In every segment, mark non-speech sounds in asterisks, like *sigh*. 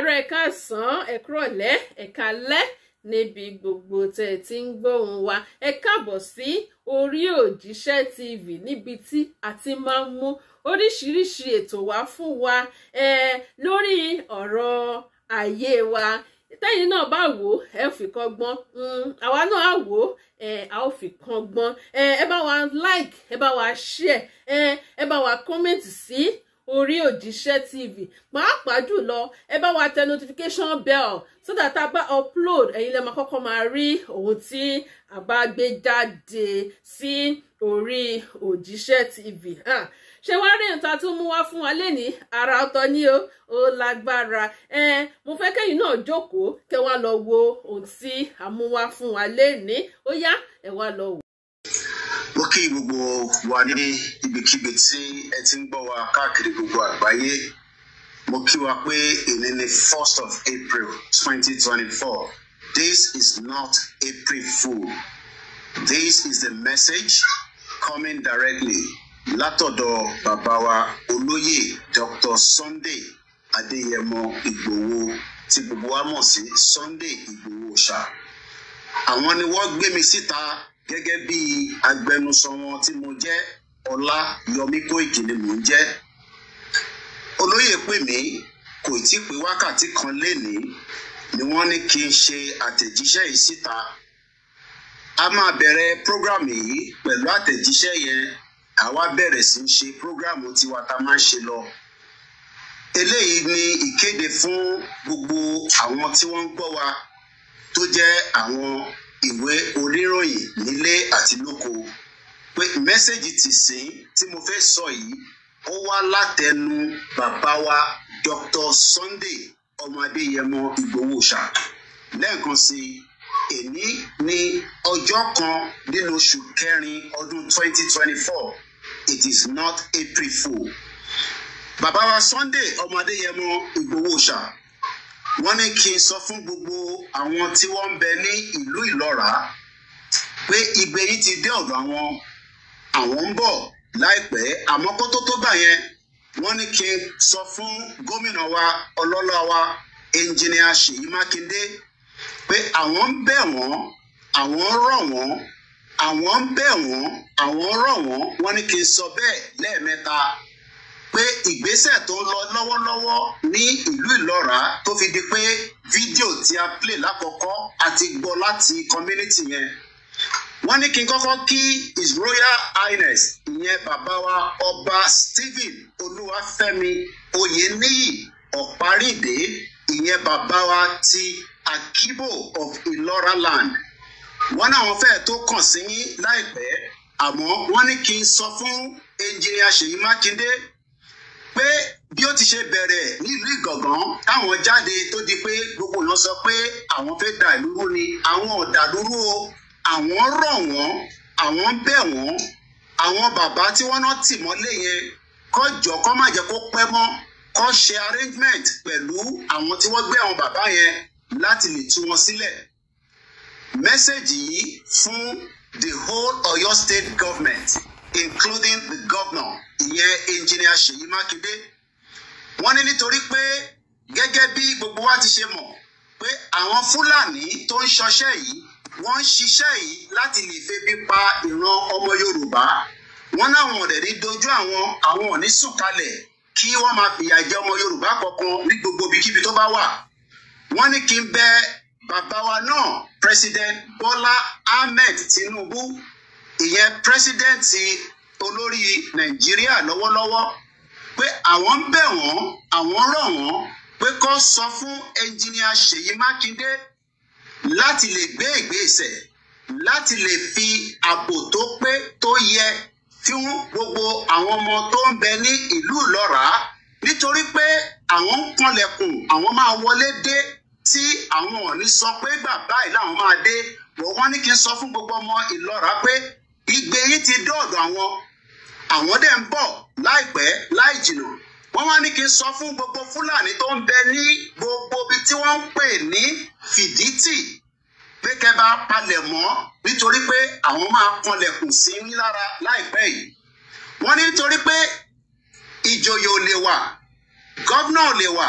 káàárọ̀ ẹ káàsán ẹ kúrọ̀lẹ́ ẹ kálẹ́ níbi gbogbo tẹ́ ẹ ti ń gbóhùn wa ẹ káàbọ̀ sí orí òjíṣẹ́ tv níbi tí a ti máa ń mú oríṣiríṣi ètò wá fún wa ẹ lórí ọ̀rọ̀ ayé wa tẹ́yìn náà bá wò ẹ ò fi kan gbọ́n hmm, àwa náà á wò ẹ a ò fi kan ẹ bá wa like ẹ bá wa share ẹ bá wa comment sí. Si orí òjíṣẹ́ tv pàápàá jùlọ ẹ bá wa tẹ notification bell so that a bá upload ẹ̀yin lẹ́ẹ̀ máa kọ́kọ́ máa rí ohun tí a bá gbé jáde sí orí òjíṣẹ́ tv ṣé wá rí nǹkan tó mú wá fún wa lẹ́ni ara ọ̀tọ̀ ni o ó lágbára ẹ mo fẹ́ kẹ́yìn náà jókòó kẹ́ wá lọ wo ohun tí a mú wá fún wa lẹ́ni ó yá ẹ wá lọ wò kí gbogbo wa ní ibikíbi tí ẹ ti ń gbọ́ wa káàkiri gbogbo àgbáyé mo kí wa pé èyí ni first of April twenty twenty four this is not April fool this is the message coming directly látọ̀dọ̀ bàbá wa olóyè Dr. Sunday Adéyẹmọ Ìgbòho tí gbogbo wa mọ̀ sí Sunday Ìgbòho ṣá àwọn ni wọ́n gbé mi síta gẹ́gẹ́ bí agbẹnusọ wọn tí mo jẹ́ ọlá yọmí kóìkì ni mò ń jẹ́ olóyè pè mí kò tí ì pé wákàtí kan lénìí ni wọ́n ní kí n ṣe àtẹ̀jíṣẹ́ yìí síta a máa bẹ̀rẹ̀ program yìí pẹ̀lú àtẹ̀jíṣẹ́ yẹn àwa bẹ̀rẹ̀ sí í ṣe program tiwa tá máa ń ṣe lọ eléyìí ni ìkéde fún gbogbo àwọn tí wọ́n ń gbọ́ wa tó jẹ́ àwọn ìwé oníròyìn nílé àti lóko pé mẹ́sẹ̀gì ti sìn tí mo fẹ́ sọ yìí ó wá látẹnu bàbá wa Dr. Sunday ọmọ Adéyẹmọ Ìgbòho-Òòṣà lẹ́ẹ̀kan sí i èní ní ọjọ́ kan nínú oṣù kẹrin ọdún 2024 it is not April 4 bàbá wa Sunday ọmọ Adéyẹmọ ìgbòho wọ́n ní kí n sọ fún gbogbo àwọn tí wọ́n ń bẹ ní ìlú ìlọ́ra pé igbe yìí ti dé ọ̀dọ̀ àwọn àwọn ń bọ̀ láìpẹ́ àmọ́ kó tó tó bà yẹn wọ́n ní kí n sọ fún gómìnà wa ọlọ́lá wa ẹnjìnìà Ṣèyí Mákindé pé àwọn ń bẹ̀ wọ́n àwọn ń rọ̀ wọ́n àwọn ń bẹ̀ wọ́n àwọn ń rọ̀ wọ́n wọ́n ní kí n sọ bẹ́ẹ̀ lẹ́ẹ̀mẹ́ta pé ìgbésẹ̀ tó ń lọ lọ́wọ́lọ́wọ́ ní ìlú ìlọ́ra tó fi di pé fídíò tí a play lákọ̀ọ́kọ́ àti gbọ́ láti community yẹn wọ́n ní kí n kọ́kọ́ kí his royal highness ìyẹn bàbá wa ọba stephen olúwafẹ́mi oyèníyì ọ̀párìdé ìyẹn bàbá wa ti akibo of ìlọ́ra land wọ́n náà wọ́n fẹ́ẹ̀ tó kàn sí yín láìpẹ́ àmọ́ wọ́n ní kí n sọ fún ẹnjìnìà ṣèyí mákindé pé bí ó ti ṣe bẹ̀rẹ̀ nílùú Ìgàngán táwọn jáde tó di pé gbogbo èèyàn sọ pé àwọn fẹ́ da ìlú rú ni àwọn ò dà dúró o àwọn rọ̀ wọ́n àwọn bẹ̀ wọ́n àwọn bàbá tí wọ́n náà tì mọ́lé yẹn kó jọ kó má jẹ́ kó pẹ́ mọ́ kó ṣe arrangement pẹ̀lú àwọn tí wọ́n gbé àwọn bàbá yẹn láti lè tú wọn sílẹ̀ mẹ́sẹ̀gì yìí fún the whole Ọ̀yọ́ state government including the governor ìyẹn engineer Ṣèyí Mákindé wọ́n ní nítorí pé gẹ́gẹ́ bí gbogbo wa ti ṣe mọ̀ pé àwọn Fúlàní tó ń ṣọṣẹ́ yìí wọ́n ń ṣiṣẹ́ yìí láti lè febi pa ìran ọmọ Yorùbá wọ́n náwọn ọ̀rẹ́ ní dojú àwọn àwọn òní sùn kalẹ̀ kí wọ́n máa fìyà jẹ ọmọ Yorùbá kankan ní gbogbo ibikíbi tó bá wà wọ́n ní kí n bẹ̀ bàbá wa náà President Bola Ahmed Tinubu ìyẹn pírẹsidẹ́ǹtì olórí nàìjíríà lọ́wọ́lọ́wọ́ pé àwọn ń bẹ̀ wọ́n àwọn rọ̀ wọ́n pé kó sọ fún ẹnjìníà ṣèyí mákindé láti lè gbé ìgbésẹ̀ láti lè fi ààbò tó pé tó yẹ fún gbogbo àwọn ọmọ tó ń bẹ ní ìlú ìlọ́ràá nítorí pé àwọn ń kanlẹ̀kùn àwọn máa wọlé dé tí àwọn ò ní sọ pé bàbá yìí làwọn máa dé wọ́n wá ní kí n sọ fún gbogbo ọmọ ìlọ́ràá pé yín ti dọ́ọ̀dọ̀ àwọn àwọn dẹ̀ ń bọ̀ láìpẹ́ láì jìnnà wọ́n wá ní kí n sọ fún gbogbo fúlàní tó ń bẹ ní gbogbo ibi tí wọ́n ń pè ní fìdítì pé kẹ́ bá palẹ̀ mọ́ nítorí pé àwọn máa kanlẹ̀kùn sí yín lára láìpẹ́ yìí wọ́n ní nítorí pé ìjòyè ò lè wà gọ́vnà ò lè wà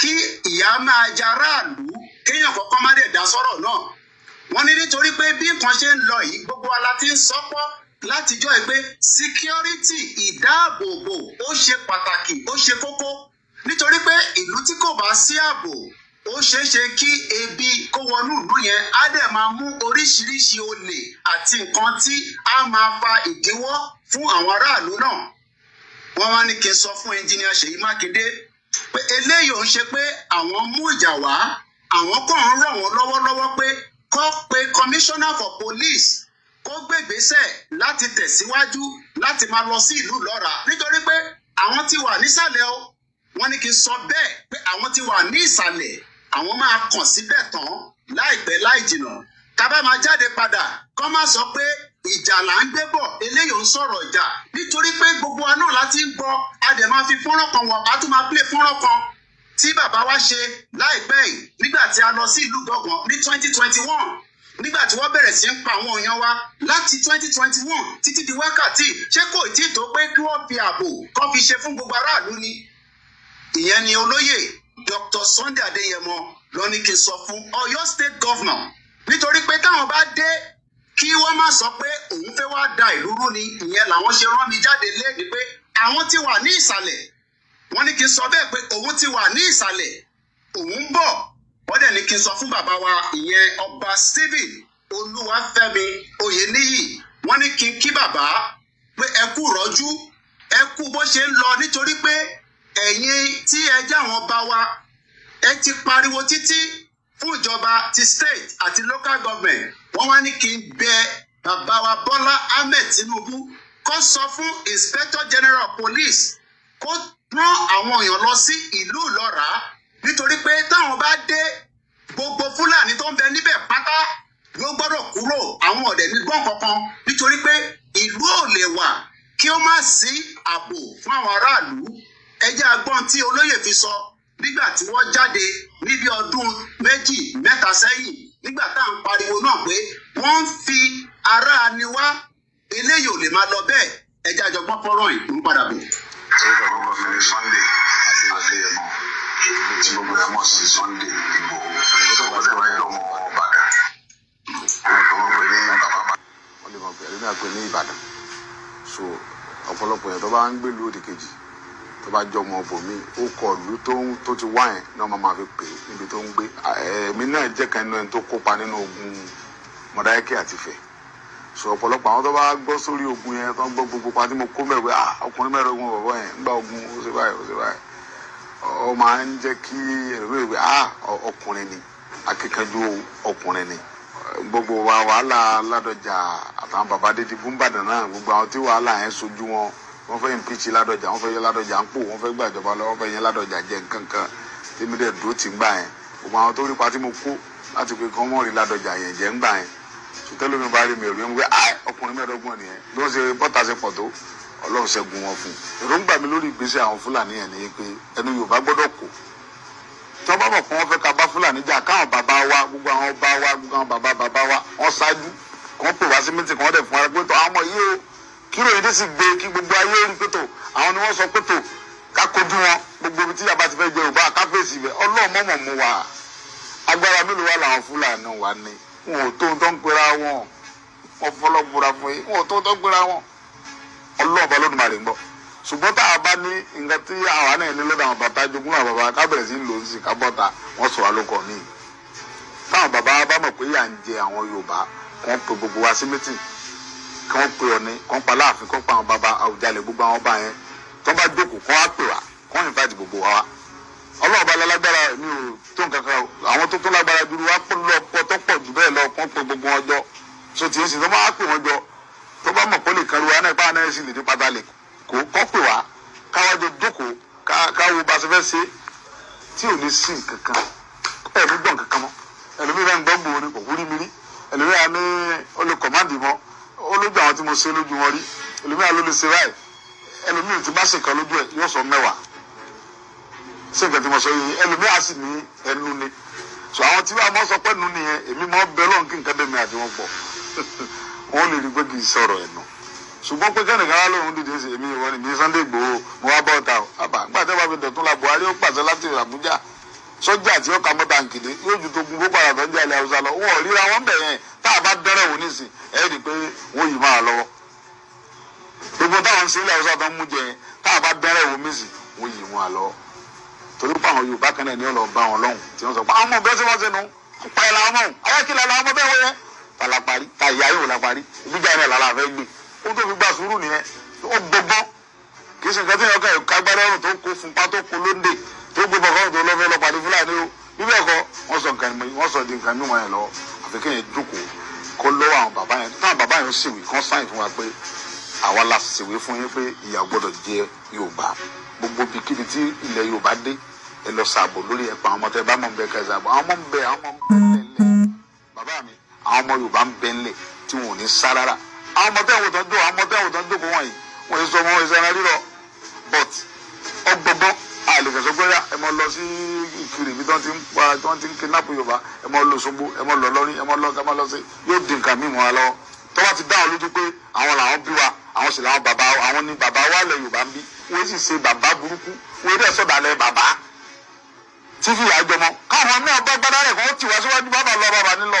kí ìyá máa ja aráàlú kéèyàn kọ́kọ́ má dẹ̀ dá sọ́rọ̀ náà wọ́n ní nítorí pé bí nǹkan ṣe ń lọ yìí gbogbo ala ti ń sọ́pọ́ látijọ́ ẹ pé security ìdáàbòbò ó ṣe pàtàkì ó ṣe kókó nítorí pé ìlú tí kò bá sí ààbò ó ṣeé kí ebi kó wọnú ìlú yẹn á dẹ̀ máa mú oríṣiríṣi olè àti nǹkan tí á máa fa ìdíwọ́ fún àwọn aráàlú náà wọ́n wá ní kí n sọ fún ẹnjìníà Ṣèyí Mákindé pé eléyìí ò ń ṣe pé àwọn mú ìjà wá àwọn kàn ń ràn wọ́n lọ́wọ́lọ́wọ́ pé kó pe commissioner for police kó gbègbésẹ̀ láti tẹ̀síwájú láti máa lọ sí ìlú lọ́ra nítorí pé àwọn ti wà nísàlẹ̀ o wọ́n ní kí n sọ bẹ́ẹ̀ pé àwọn ti wà ní ìsàlẹ̀ àwọn máa kàn síbẹ̀ tán láìpẹ́ láì jìnà kábà máa jáde padà kọ́ máa sọ pé ìjà là ń gbé bọ̀ eléyìí ń sọ̀rọ̀ ìjà nítorí pé gbogbo wa náà láti ń gbọ́ a dẹ̀ máa fi fọ́nrán kan wọ̀ a tún máa plé fọ́nrán kan tí bàbá wa ṣe láìpẹ́ yìí nígbà tí a lọ sí ìlú gbọ̀ngàn ní twenty twenty one nígbà tí wọ́n bẹ̀rẹ̀ sí ń pa àwọn èèyàn wa láti twenty twenty one títí di wákàtí ṣé kò tí ì tó pé kí wọ́n fi ààbò kan fi ṣe fún gbogbo aráàlú ni ìyẹn ni olóyè Dr. Sunday Adéyẹmọ ló ní kí n sọ fún Ọ̀yọ́ state governor nítorí pé táwọn bá dé kí wọ́n má sọ pé òun fẹ́ wá da ìlú rú ni ìyẹn làwọn ṣe rán mi jáde léèdì pé àwọn ti wà ní ìsàlẹ̀ wọ́n ní kí n sọ bẹ́ẹ̀ pé òun ti wà ní ìsàlẹ̀ òun ń bọ̀ wọ́n dẹ̀ ní kí n sọ fún bàbá wa ìyẹn ọba Stephen Olúwafẹ́mi Oyèníyì wọ́n ní kí n kí bàbá pé ẹ kú rọ́jú ẹ kú bó ṣe ń lọ nítorí pé ẹ̀yin tí ẹ jẹ́ àwọn wa ẹ ti pariwo títí fún ìjọba ti state àti local government wọ́n wá ní kí n bẹ bàbá wa Bọ́lá Ahmed Tinubu kó sọ fún inspector general police kó rán àwọn èèyàn lọ sí ìlú Ìlọ́ra nítorí pé táwọn bá dé gbogbo fúlàní tó ń bẹ níbẹ̀ pátá ló gbọ́dọ̀ kúrò àwọn ọ̀dẹ̀ nígbọ́n kankan nítorí pé ìlú ò lè wà kí ó má sí ààbò fún àwọn aráàlú ẹjẹ́ agbọ́n tí olóyè fi sọ nígbà tí wọ́n jáde níbi ọdún méjì mẹ́ta sẹ́yìn nígbà tá à ń pariwo náà pé wọ́n ń fi ara ni wá eléyìí ò lè máa lọ bẹ́ẹ̀ ẹjẹ́ àjọgbọ́n fọ́rọ̀ yìí ń padà bọ̀. orúkọ mi ni Sunday àti àṣeyẹmọ ilé tí gbogbo ẹ̀ mọ̀ sí Sunday Igboho ọ̀gbọ́n tó wáyé lọ́mọ Ìbàdàn wọ́n lè mọ̀ pé ẹ̀rí náà pé ní Ìbàdàn so ọ̀pọ̀lọpọ̀ yẹn tó bá ń gbèlú òdì kejì tó bá jọ ọmọ ọbọ mi ó kọ ìlú tó ti wá yẹn náà máa máa fi pè é níbi tó ń gbé ẹ̀mí náà jẹ́ kan nínú ẹni tó kópa nínú ogun Mọdákẹ́kẹ́ àti Ifẹ̀ so ọ̀pọ̀lọpọ̀ àwọn tó bá gbọ́ sórí ogun yẹn tó ń gbọ́ gbogbo pa tí mo kó mẹ́rin ọkùnrin mẹ́rin ogun bọ̀bọ̀ yẹn ń gba ogun ó ṣe báyìí ó ṣe báyìí ọ máa ń jẹ́ kí ẹlòmíràn ah ọkùnrin ni akíkanjú ọkùnrin ni gbogbo wa wàhálà ládọjà àtàwọn bàbá dídí búmbàdàn náà gbogbo àwọn tí wàhálà yẹn sojú wọn wọn fẹ́ impeach ládọjà wọn fẹ́ yẹ ládọjà ń pò wọn fẹ́ gba ìjọba lọ wọn fẹ́ yẹ ládọjà jẹ nkankan tèmi dẹ̀ dúró tì ń gbà yẹn gbogbo àwọn tó rí pa tí mo kó láti pé kán mọ́ rí ládọjà yẹn jẹ́ ń gbà yẹn sùtẹ́lómi bá rí mi rí mi pé ọkùnrin mẹ́ẹ̀ẹ́dọ́gbọ̀n nìyẹn bí wọ́n ṣe bọ́ta ṣe pọ̀ tó ọlọ́run ṣẹ́gun wọn fún èròǹgbà mi lórí ìgbésẹ̀ àwọn fúlàní yẹn ni pé ẹnu yorùbá gbọ́dọ̀ kò tí wọ́n bá mọ̀ pé ká bá fúlàní jà káwọn bàbá wa gbogbo àwọn ọba wa gbogbo àwọn bàbá bàbá wa wọ́n ṣáájú kàn pè wá sí mítì kàn dẹ̀ fún wa pé tó àwọn ọmọ yìí o kí ròyìn dé sì gbé kí gbogbo ayé rí pé tó àwọn ni wọ́n sọ pé tó ká kojú wọn gbogbo ibi tí yàrá ti fẹ́ jẹ yorùbá ká fèsì ibẹ̀ ọlọ́run mọ̀mọ̀ mu wa wà làwọn ọlọ́ọ̀bá ló ní màrí ń bọ̀ ṣùgbọ́n tá a bá ní nǹkan tí àwa náà ní lọ́dọ̀ àwọn bàbá jogún àwọn bàbá ká bẹ̀rẹ̀ sí lò ń sì ká bọ́ta wọ́n sọ wá ló kọ̀ ní. táwọn bàbá bá mọ̀ pé yà ń jẹ àwọn Yorùbá kàn pé gbogbo wa sí mítìn kàn pé Ọọ̀ni kàn pa Aláàfin kàn pa àwọn bàbá Àwùjalè gbogbo àwọn bá yẹn tó bá jókòó kàn á pè wá kàn invite gbogbo wa wá. Ọlọ́run lálágbára mi ò tó nǹkan kan àwọn tó tún lágbára dúró wá pọ̀ lọ́pọ̀ tó pọ̀ jù bẹ́ẹ̀ lọ kàn pé gbogbo wọn jọ tó bá mọ̀ kó lè kẹrù wa náà báwa náà sì lè ní pátá lè kó kọ́ pè wá káwá jọ jókòó káwo bá ṣe fẹ́ ṣe tí ò ní sí nǹkan ẹ̀mí gbọ̀n kankan mọ́ ẹlòmíì bá ń gbọ́ gbòó kò wúrí mi rí ẹlòmíì bá ní olùkọ́mádì mọ́ olójú àwọn tí mo ṣe lójú wọn rí ẹlòmíì bá ló lè ṣe báyìí ẹlòmíì tí bá ṣèkan lójú ẹ yóò sọ mẹ́wàá ṣé nǹkan tí mo sọ yìí ẹlòmíì á sì ní ẹnu ni so àwọn tí wàá mọ́ sọ pé nu nìyẹn èmi mọ́ bẹ́ẹ̀ lọ́nkí nǹkan bẹ́ẹ̀ mi àti wọn pọ̀ *laughs* wọn lè rí pé kì í sọ̀rọ̀ ẹ̀ nù ṣùgbọ́n pé kẹ́nìkan wá lóun dìde sí èmi ìwọ nìyí Sunday Igboho mo wá bọ́ ọ̀tá o àbá gbàtẹ́ bá fi dọ̀tún la Buhari ó pàṣẹ láti Àbújá sọ́jà tí ó ka mọ́ta nkìlé yóò ju tó gun boko haram tó ń jẹ́ Haúsá lọ wọn ò ríra wọn bẹ̀ yẹn tá a bá dẹ́rẹ̀ wò nísìn ẹ̀ rí i pé wọ́n yìí máa lọ́wọ́ gbogbo táwọn ń ṣe Haúsá tó ń mú jẹ yẹn tá a bá dẹ́rẹ̀ wò nísìn wọ́n yìí máa lọ́wọ́ torí pé àwọn Yorùbá kan náà ni wọ́n lọ bá wọn lọ́hùn tí wọ́n sọ pé àwọn ọmọ bẹ́ẹ̀ tí wọ́n ṣe nu pa ẹ̀ làwọn ọmọ ayé kìlà làwọn ọmọ bẹ́ẹ̀ wọ́n la parí ta ìyá yóò la parí ìgbìjà náà làlá fẹ́ gbé ó tó fi gbà sùúrù nìyẹn ó gbogbo kì í ṣe nǹkan tí yẹn kàn kágbára ọ̀rùn tó kó funpa tó kó lóde tó gbé bọ̀kọ́ tó lọ́fẹ́ lọ pàdé fúlàní o bíbẹ̀ kọ́ wọ́n sọ nǹkan mi wọ́n sọ di nǹkan mi wọ́n yẹn lọ àfi kí yẹn jókòó kó lọ́wọ́ àwọn bàbá yẹn táwọn bàbá yẹn ṣèwé kán sáyìn fún wa pé àwa la ṣèwé fún yín pé ìyà gbọ́dọ̀ jẹ Yorùbá gbogbo bikini tí ilẹ̀ Yorùbá dé ẹ lọ ṣàbò lórí ẹ̀pà àwọn ọmọ tẹ bá mọ̀ ń bẹ kẹsàbọ̀ àwọn ọmọ ń àwọn ọmọ ń àwọn ọmọ Yorùbá ń bẹ ńlẹ̀ tí wọn ò ní sá rárá àwọn ọmọ bẹ́ẹ̀ wò tán dò àwọn ọmọ bẹ́ẹ̀ wò tán dò kó wọ̀nyí wọ́n yẹ sọ ọmọ wọn ìsẹ́ran rírọ̀ but ọgbọgbọ́n àlèkẹ́sọgbọ́yà ẹ mọ lọ sí ìkiri ibi tí wọ́n ti ń pa tí wọ́n ti ń kidnap Yorùbá ẹ mọ lọ Òṣogbo ẹ mọ lọ lọ́rin ẹ mọ lọ ẹ mọ lọ sí yóò di nǹkan mímu wa lọ́wọ́ tó bá ti dá ọ lójú pé àwọn làwọn bí wa àwọn sì làwọn bàbá àwọn ni bàbá wa lẹ Yorùbá ń bí wọ́n sì ṣe bàbá burúkú wọ́n dẹ̀ sọ̀dà lẹ bàbá tí fìyà jọmọ káwọn náà bá gbádá rẹ̀ kó tiwa síwájú bàbá lọ bàbá nílọ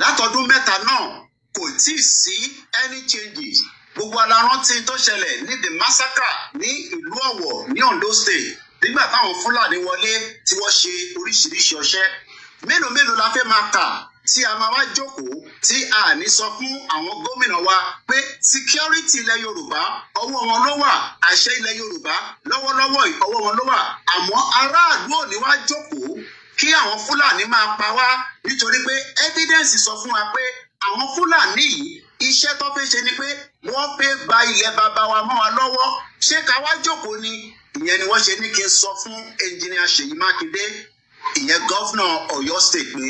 látọdún mẹ́ta náà kò tí ì sí any changes gbogbo alárántí tó ṣẹlẹ̀ ní the massacre ní ìlú Ọ̀wọ̀ ní Ondo state nígbà táwọn Fúlàní wọlé tí wọ́n ṣe oríṣiríṣi ọṣẹ́ mélòó mélòó la fẹ́ máa kà tí a máa wá jókòó tí a ní sọ fún àwọn gómìnà wa pé security ilẹ̀ Yorùbá ọwọ́ wọn ló wà àṣẹ ilẹ̀ Yorùbá lọ́wọ́lọ́wọ́ ọwọ́ wọn ló wà àmọ́ aráàlú ò ní wá jókòó kí àwọn fúlàní máa pa wá nítorí pé evidence sọ fún wa pé àwọn fúlàní yìí iṣẹ́ tó fẹ́ ṣe ni pé wọ́n fẹ́ gba ilẹ̀ bàbá wa mọ́ wa lọ́wọ́ ṣé ká wá jókòó ni ìyẹn ni wọ́n ṣe ní kí n sọ fún ẹnjìnìà Ṣèyí Mákindé ìyẹn gọ́fúnà Ọ̀yọ́ state pé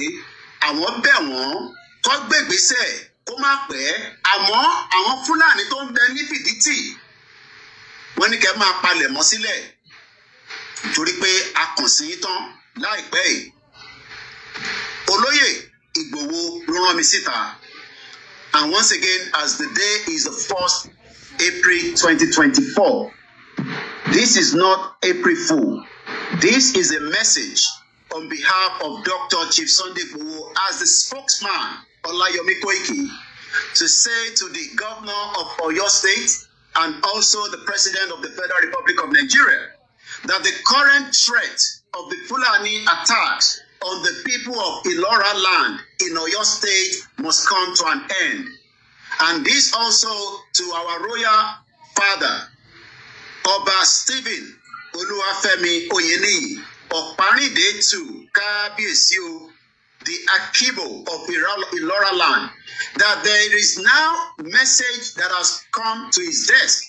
àwọn bẹ̀ wọ́n kó gbègbésẹ̀ kó má pẹ́ àmọ́ àwọn fúlàní tó ń bẹ ní fìdítì wọ́n ní kẹ́ máa palẹ̀ mọ́ sílẹ̀ torí pé a kàn sí í tán láìpẹ́ yìí olóyè ìgbòho ló rán mi síta and once again as the day is the first april twenty twenty four this is not april fool this is a message on behalf of dr chief sunday igboho as the spokesman olayomi koiki to say to the governor of oyo state and also the president of the federal republic of nigeria that the current threat of the Fulani attacks on the people of Ilora land in Oyo State must come to an end. And this also to our royal father, Oba Stephen Oluwafemi Oyeni Oparinde to Kábíyèsí o, the Akibo of Ilora land, that there is now message that has come to his desk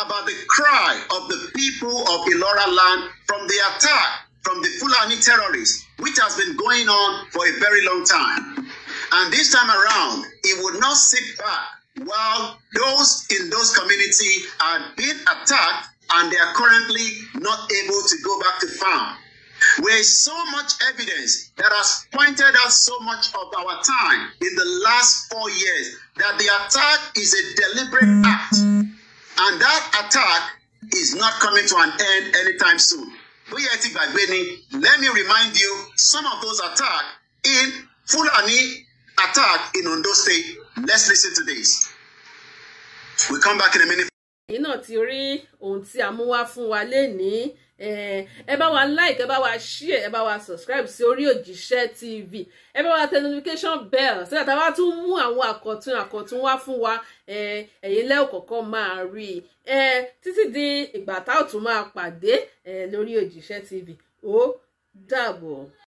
about the cry of the people of Ilora land from the attack from the Fulani terrorists, which has been going on for a very long time. And this time around, it would not sit back while those in those communities are being attacked and they are currently not able to go back to farm. There is so much evidence that has pointed out so much of our time in the last four years that the attack is a deliberate act. And that attack is not coming to an end anytime soon. bóyá ẹ ti gbàgbé ni let me remind you some of those attack in Fulani attack in Ondo State let's listen to this we come back in a minute. èyí náà ti rí ohun tí a mú wá fún wa lénìí Eh, ẹ bá wa like ẹ bá wa share ẹ bá wa subscribe sí orí òjíṣẹ́ tv ẹ bá wa tẹ notification bell sílẹ̀ tá a bá tún mú àwọn àkọ̀tun àkọ̀tun wá fún wa eh, ẹ̀yin lẹ́ọ̀kọ̀ọ̀kan máa rí i eh, títí di ìgbà tá ò tún máa pàdé lórí òjíṣẹ́ tv ó dàbọ̀.